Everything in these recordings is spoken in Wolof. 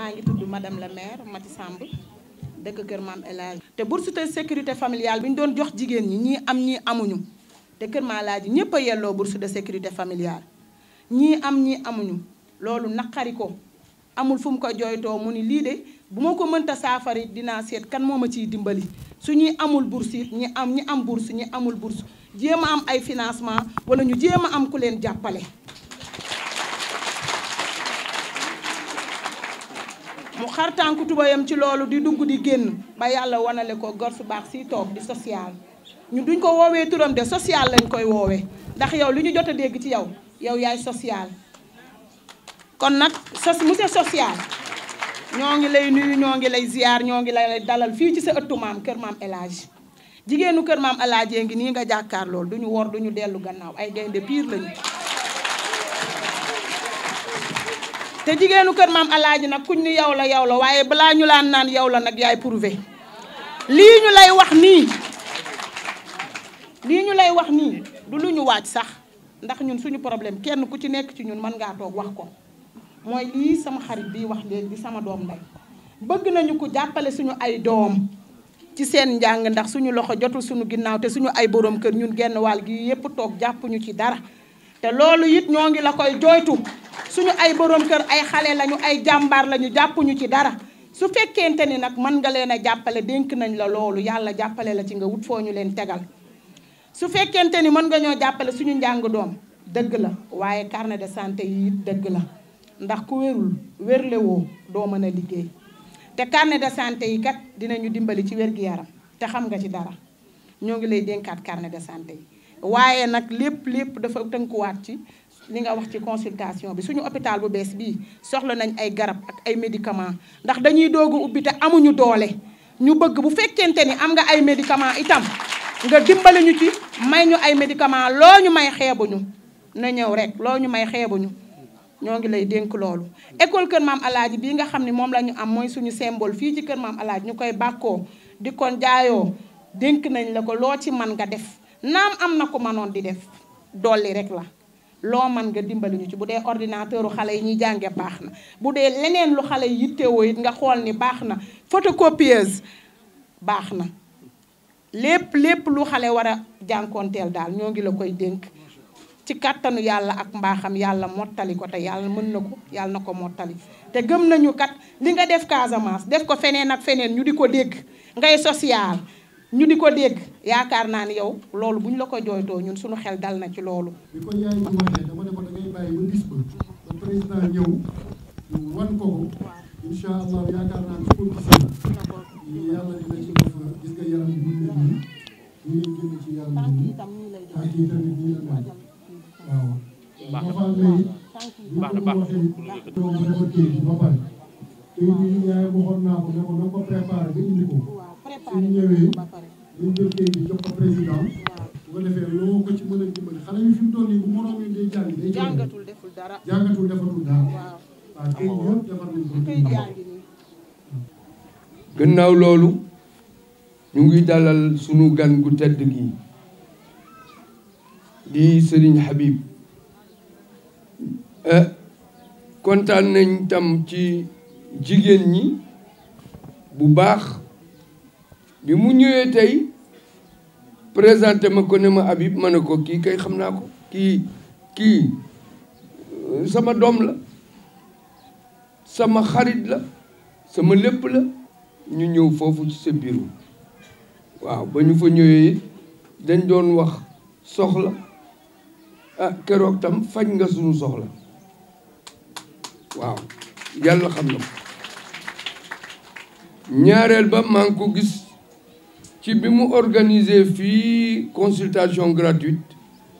maa ngi tudd madame la maire Mati Samb dëkk Kër Maam El Hadj te bourse de sécurité familial bi ñu doon jox jigéen ñi ñii am ñii amuñu te Kër Maam El Hadj ñëpp a yelloo bourse de sécurité familial ñii am ñii amuñu loolu naqari ko amul fu mu ko jooytoo mu ni lii de bu ma ko mënta saafari dinaa seet kan moo ma ciy dimbali su ñuy amul bourse it am ñi am bourse ñi amul bourse jéem a am ay financement wala ñu jéem a am ku leen jàppale. mu xar tànku tubéyam ci loolu di dugg di génn ba yàlla wanale ko gor baax si toog di social ñu duñ ko woowee turam de social lañ koy woowee ndax yow li ñu jot a dégg ci yow yow yaay social kon nag sos monsieur social ñoo ngi lay nuyu ñoo ngi lay ziar ñoo ngi lay dalal fii ci sa ëttu maam kër maam El jigéenu kër maam El Hadj ngi nii nga jàkkaar lool duñu wor duñu dellu gannaaw ay gaynde piir lañu te jigéenu kër maam alaaji nag kuñ ni yow la yaw la waaye balaa ñu laan naan yow la nag yaay prouvé lii ñu lay wax nii lii ñu lay wax nii du lu ñu waaj sax ndax ñun suñu problème kenn ku ci nekk ci ñun mën ngaa toog wax ko mooy lii sama xarit bii wax léegi di sama doom nday bëgg nañu ko jàppale suñu ay doom ci seen njàng ndax suñu loxo jotul suñu ginnaaw te suñu ay borom kër ñun genn wàll gi yépp toog jàppuñu ci dara te loolu it ñoo ngi la koy jooytu suñu ay borom kër ay xale lañu ay jàmbaar lañu jàppuñu ci dara su fekkente ni nag mën nga leen a jàppale dénk nañ la loolu yàlla jàppale la ci nga wut foo ñu leen tegal su fekkente ni mën nga ñoo jàppale suñu njàng doom dëgg la waaye carnet de santé yi dëgg la ndax ku wérul wérle doo mën a liggéey te carnet de santé yi kat dinañu dimbali ci wér gi yaram te xam nga ci dara ñoo ngi lay dénkaat carnet de santé yi waaye nag lépp lépp dafa tënkuwaat ci li nga wax ci consultation bi suñu hôpital bu bees bii soxla nañ ay garab ak ay médicaments ndax dañuy doog a ubbi te amuñu doole ñu bëgg bu fekkente ni am nga ay médicaments itam nga dimbali ñu ci may ñu ay médicaments loo ñu may xeebuñu na ñëw rek loo ñu may xeebuñu ñoo ngi lay dénk loolu. école kër maam Alaaji bii nga xam ne moom la ñu am mooy suñu symbole fii ci kër maam Alaaji ñu koy bàkkoo di kon jaayoo dénk nañ la ko loo ci man nga def naam am na ko mënoon di def dolli rek la. loo man nga dimbali ñu ci bu dee ordinateur xale yi ñuy jànge baax na bu dee leneen lu xale yi yittewoo it nga xool ni baax na photocopieuse baax na lépp lépp lu xale war a jànkoonteel daal ñoo ngi la koy dénk ci kàttanu yàlla ak mbaaxam yàlla mottali ko te yàlla mën na ko yàlla na ko mottali te gëm nañu kat li nga def Casamance def ko feneen ak feneen ñu di ko dégg ngay social ñu di ko dégg yaakaar naa ni yow loolu bu ñu la ko jooytoo ñun suñu xel dal na ci loolu. bi ko yaay bi waxee ne ko da ngay bàyyi ba gis président ñëw ñu wan ko incha allah yaakaar ko gisee yàlla dina ci def gis nga yaram bi ñu ngi ñu génn ci naa ko ne na ko préparé ba indi ko ñëwee. ñu jàngatul deful dara jàngatul gannaaw loolu ñu ngi dalal sunu gan gu tedd gi di Serigne Habib eh, kontaan nañ tam ci jigéen ñi bu baax bi mu ñëwee tey présenté ma ko ne ma ab ma ne ko kii kay xam naa ko kii kii euh, sama doom la sama xarit la sama lépp la ñu ñëw foofu ci sa bureau waaw ba ñu fa ñëwee dañ doon wax soxla ah keroog tam faj nga suñu soxla waaw yàlla xam na ko ñaareel ba maa ngi ko gis ci bi mu organiser fii consultation gratuite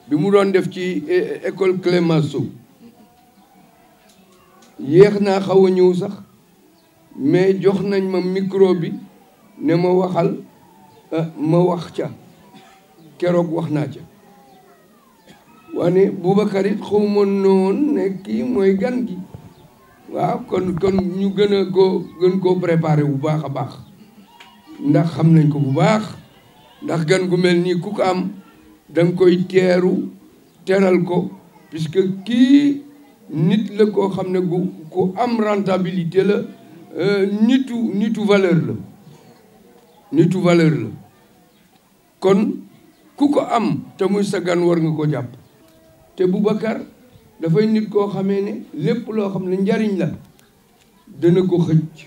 bi mu doon def ci école Clémenceau yéex naa xaw a ñëw sax mais jox nañ ma micro bi ne ma waxal euh, ma wax ca keroog wax naa ca wane Boubacar it xaw ma noonu ne mooy gan gi waaw kon kon ñu gën a ko gën koo préparer bu baax a baax ndax xam nañ ko bu baax ndax gan gu mel nii ku ko am danga koy teeru teral ko puisque kii nit la koo xam ne gu ku am rentabilité la euh, nitu nitu valeur la nitu valeur la kon ku ko am te sa gan war nga ko jàpp te Boubacar dafay nit koo xamee ne lépp loo xam ne njariñ la dana ko xëcc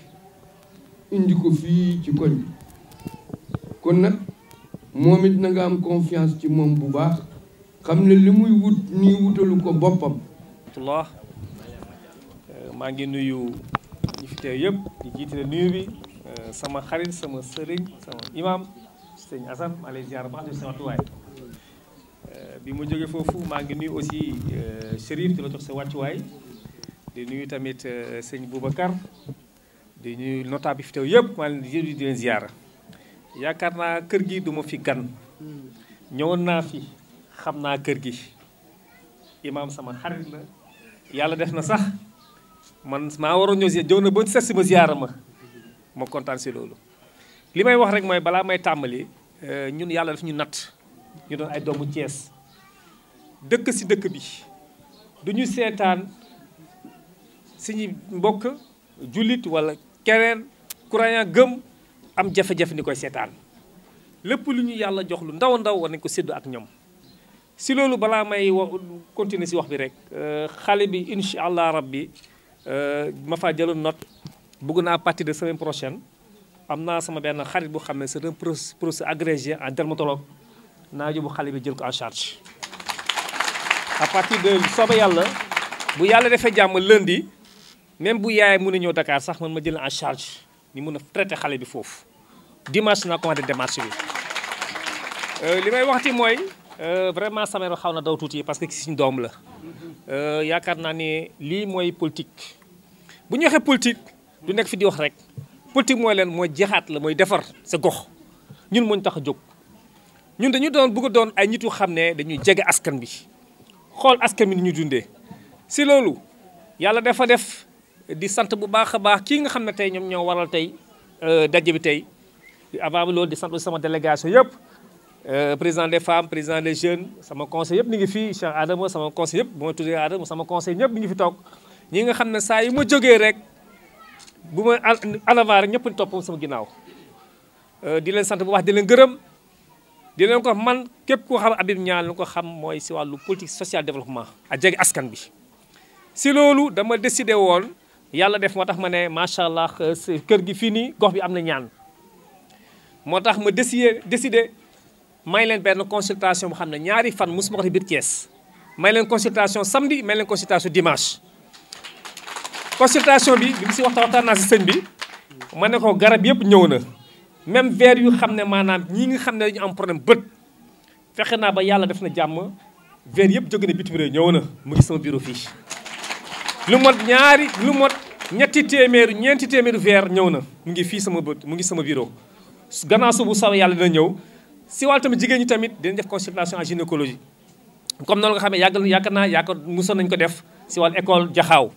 indi ko fii ci koñ kon nag moom it na nga am confiance ci moom bu baax xam ne li muy wut nii wutalu ko boppam euh, maa ngi nuyu ñi fi teew yëpp di jiitale nuyu bi euh, sama xarit sama sëriñ sama imam sëñ Asan maa lay ziar baax di sama tuwaay euh, bi mu jógee foofu maa ngi nuyu aussi Chérif di la jox sa wàccuwaay di nuyu tamit sëñ Boubacar di nuyu notable bi fi teew yëpp maa ngi leen di leen ziar yaakaar naa kër gi duma fi gan ñëwoon naa fi xam naa kër gi imaam sama xarit la yàlla def na sax man maa waroon ñëw jëw na ba seet si ma ziyaara ma ma kontaan si loolu li may wax rek mooy balaa may tàmbali euh, ñun yàlla daf ñu natt ñu doon ay doomu Cees dëkk si dëkk bi duñu seetaan suñu mbokk jullit walla keneen croyant gëm am jafe-jafe ni koy seetaan lépp lu ñu yàlla jox lu ndaw ndaw war nañ ko séddu ak ñoom si loolu balaa may wa continuer si wax bi rek euh, xale bi incha allah rabbi euh, ma faa jëloon note bëgg naa partir de semaine prochaine am naa sama benn xarit bu xam ne c'est un professeur agrégé en dermatologue naa yóbbu xale bi jël ko en charge à partir de sooba yàlla bu yàlla defee jàmm lundi même bu yaayee mën a ñëw Dakar sax man ma jël en charge ñu mun a traité xale bi foofu dimanche naa commencé démarche bi euh, li may waxti mooy euh, vraiment sameero xaw na daw tuuti parce que suñu doom la euh, yaakaar naa ni lii mooy politique bu ñu waxee politique du nekk fi di wax rek politique mooy leen mooy jeexaat la mooy defar sa gox ñun mooñ tax a jóg ñun dañu doon bëgg a doon ay nit yu xam ne dañuy jege askan bi xool askan bi ni ñu dundee si loolu yàlla dafa def di sant bu baax a baax kii nga xam ne tey ñoom ñoo waral tey euh, daj bi tey avant loolu di sant aussi sama délégation yëpp euh, président des femmes président des jeunes sama conseil yëpp mi ngi fii Cheikh Adama sama conseil yëpp bu ma tuddee Adama sama conseil ñëpp mi ngi fi toog ñi nga xam ne saa yu ma jógee rek bu ma anavant rek ñëpp topp sama ginnaaw euh, di leen sant bu baax di leen gërëm di leen ko man képp koo xam Habib ñaar lu ko xam mooy si wàllu politique sociale développement a jeg askan bi si loolu dama décidé woon yàlla def moo tax ma ne macha allah euh, kër gi fii nii gox bi am na ñaan moo tax ma décidé décidé may leen benn consultation bu xam ne ñaari fan mosuma ko def biir Thiès may leen consultation samedi may leen consultation dimanche consultation bi bi si waxtaan waxtaan naa si sëñ bi ma ne ko garab yëpp ñëw na même verre yu xam ne maanaam ñii nga xam ne dañu am problème bët fexe naa ba yàlla def na jàmm verre yëpp jóge na bitim réew ñëw na mu ngi sama bureau ñetti téeméeri ñeenti téeméer verre ñëw na mu ngi fii sama bët mu ngi sama bureau gannaaw bu saw yàlla dina ñëw si wàllu tamit jigéen ñi tamit dinañ def consultation en gynécologie comme noonu nga xam ne yàgg yàgg naa yaakaar musoon nañ ko def si wàllu école jaxaaw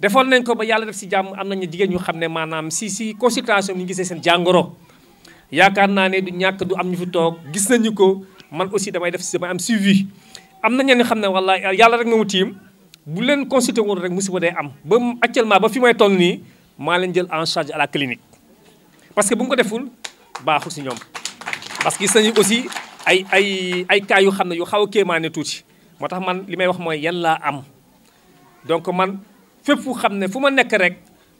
defoon nañ ko ba yàlla def si jàmm am nañu jigéen ñu xam ne maanaam si si consultation ñu gisee seen jàngoro yaakaar naa ne du ñàkk du am ñu fi toog gis nañu ko man aussi damay def si damay am suivi am na ñenn xam ne wallaahi yàlla rek ma mu tiim bu leen consulté woon rek si musiba day am ba mu actuellement ba fi may toll nii maa leen jël en charge à la clinique parce que bu ñu ko deful baaxul si ñoom parce que gis nañu aussi ay ay ay cas yu xam ne yu xaw a ne tuuti moo tax man li may wax mooy yan laa am donc man fépp fu xam ne fu ma nekk rek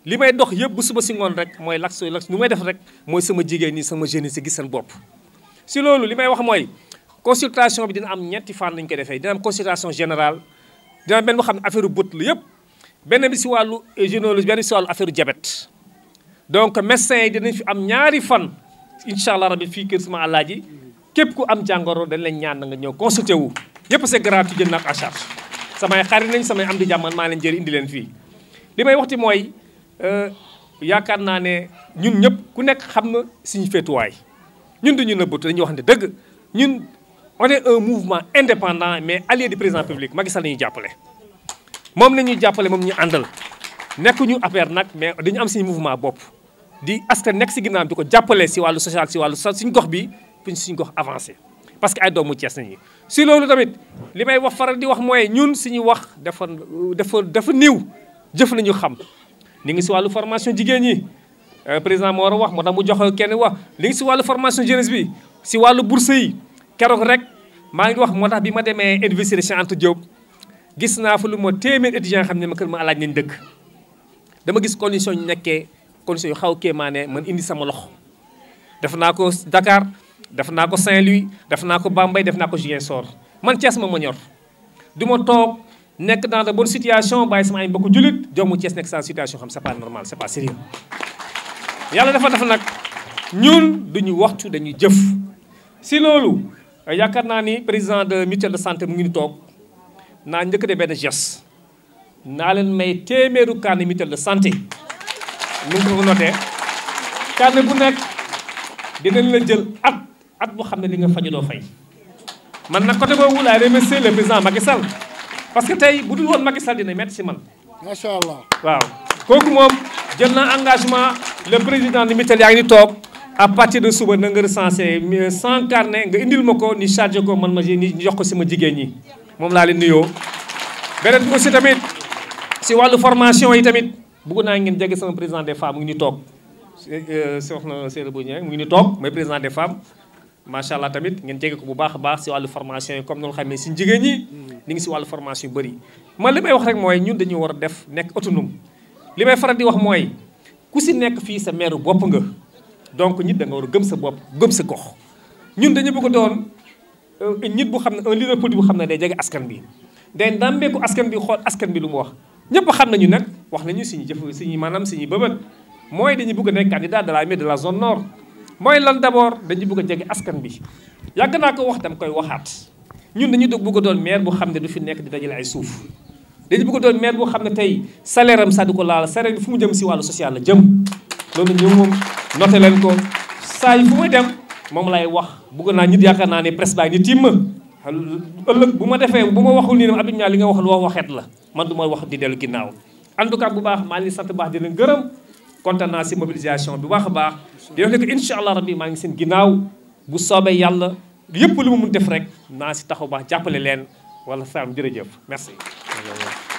li may dox yëpp bu suba si ngoon rek mooy laks laks nu may def rek mooy sama jigéen ñi sama jeune yi si gis seen bopp si loolu li may wax mooy consultation bi dina am ñetti fànn lañu koy defee dina am consultation dina benn boo xam ne affaire bët la yëpp benn bi si wàllu généalogie benn bi si wàllu donc médecins yi dinañ fi am ñaari fan incha allah rabi fii kër sama ji képp ku am jàngoro dañ leen ñaan na nga ñëw consulté wu yëpp c'est gratuit jël naak à charge samay xarit nañ samay am di jàmman maa leen jëri indi leen fii li may waxti mooy euh, yaakaar naa ne ñun ñëpp ku nekk xam na suñu féetuwaay ñun duñu nëbbatu dañuy wax ne dëgg ñun on est un mouvement indépendant mais allié du président public Macky Sall la ñuy jàppale. moom la ñuy jàppale moom ñu àndal nekkuñu affaire nag mais dañu am suñu mouvement bopp di askan nekk si ginnaaw di ko jàppale si wàllu social si wàllu suñ gox bi pour suñ gox avancé parce que ay doomu Cees nañu si loolu tamit li may wax faral di wax mooy ñun suñu wax dafa dafa dafa niiw jëf nañu xam ñu ngi si wàllu formation jigéen ñi euh, président moo war a wax moo tax mu jox kenn wax li ngi si wàllu formation jeunesse bi si wàllu bourse yi keroog rek maa ngi wax moo tax bi ma demee université Cheikh Anta gis naa fa lu ma téeméer étudiant xam ne ma kër ma alaaj nañ dëkk dama gis condition ñu nekkee condition yu xaw kéemaane man indi sama loxo def naa ko dakaar def naa ko Saint-Louis def naa ko Bambey def naa ko Ziguinchor man Thiès ma ma ñor du ma toog nekk dans de bonne situation bàyyi sama ay mbokku jullit doomu Thiès nekk sans situation xam c'est pas normal c'est pas sérieux yàlla dafa def nag ñun duñu waxtu dañuy jëf si loolu Euh, yaakaar naa ni président de mutuelle de santé mu ngi ni toog naa njëkk de benn geste naa leen may téeméeru carnet mutuelle de santé nu ngi ko noté bu nekk dinañ la jël at at boo xam ne li nga faju doo man nag côté boobu laay remercier le président Macky parce que tey bu dul woon Macky Sall dina metti si man macha allah waaw kooku moom jël na engagement le président de mutuelle yaa ngi ni toog à partir de suba na nga recensé cent carnet nga indil ma ko ni chargé ko man ma ni jox ko sama jigéen ñi moom laa leen nuyoo. beneen bi aussi tamit si wàllu formation yi tamit bëgg naa ngeen jege sama président des femmes mu ngi ni toog euh, soxna Seydou Bouñe mu ngi ni toog mooy président des femmes macha allah tamit ngeen jege ko bu baax a baax si wàllu formation yi comme noonu xamee si jigéen ñi. ni ngi si wàllu formation yu bëri man li may wax rek mooy ñun dañu war a def nekk autonome li may faral di wax mooy ku si nekk fii sa maire bopp nga. donc nit da war a gëm sa bopp gëm sa gox ñun dañu bëgg doon euh, nit bu xam ne un leader politique bu xam ne day jege askan bi day ndàmbeeku askan bi xool askan bi lu mu wax ñëpp xam nañu nag wax nañu suñu jëf suñu maanaam suñu bëbët mooy dañu bëgg a nekk candidat de la mairie de la zone nord mooy lan d'abord dañu bëgg a jege askan bi yàgg naa ko wax dama koy waxaat ñun dañu dog bëgg a doon maire bu xam ne du fi nekk di dajale ay suuf dañu bëgg a doon maire bu xam ne tey salaire am ko laal salaire bi fu mu jëm si wàllu social la jëm loolu ñoom moom noté leen ko saa yi fu may dem moom lay wax bëgg naa ñit yaakaar naa ne presse baa ngi ni tiim ëllëg bu ma defee bu ma waxul nii ne Abdou Niang li nga wax lu waxeet la man du wax di dellu ginnaaw en tout bu baax maa ngi sant baax di leen gërëm kontaan naa si mobilisation bi baax a baax di wax ne que incha allah rabbi maa ngi seen ginnaaw bu soobee yàlla yépp lu ma mun def rek naa si taxaw baax jàppale leen wala saam jërëjëf merci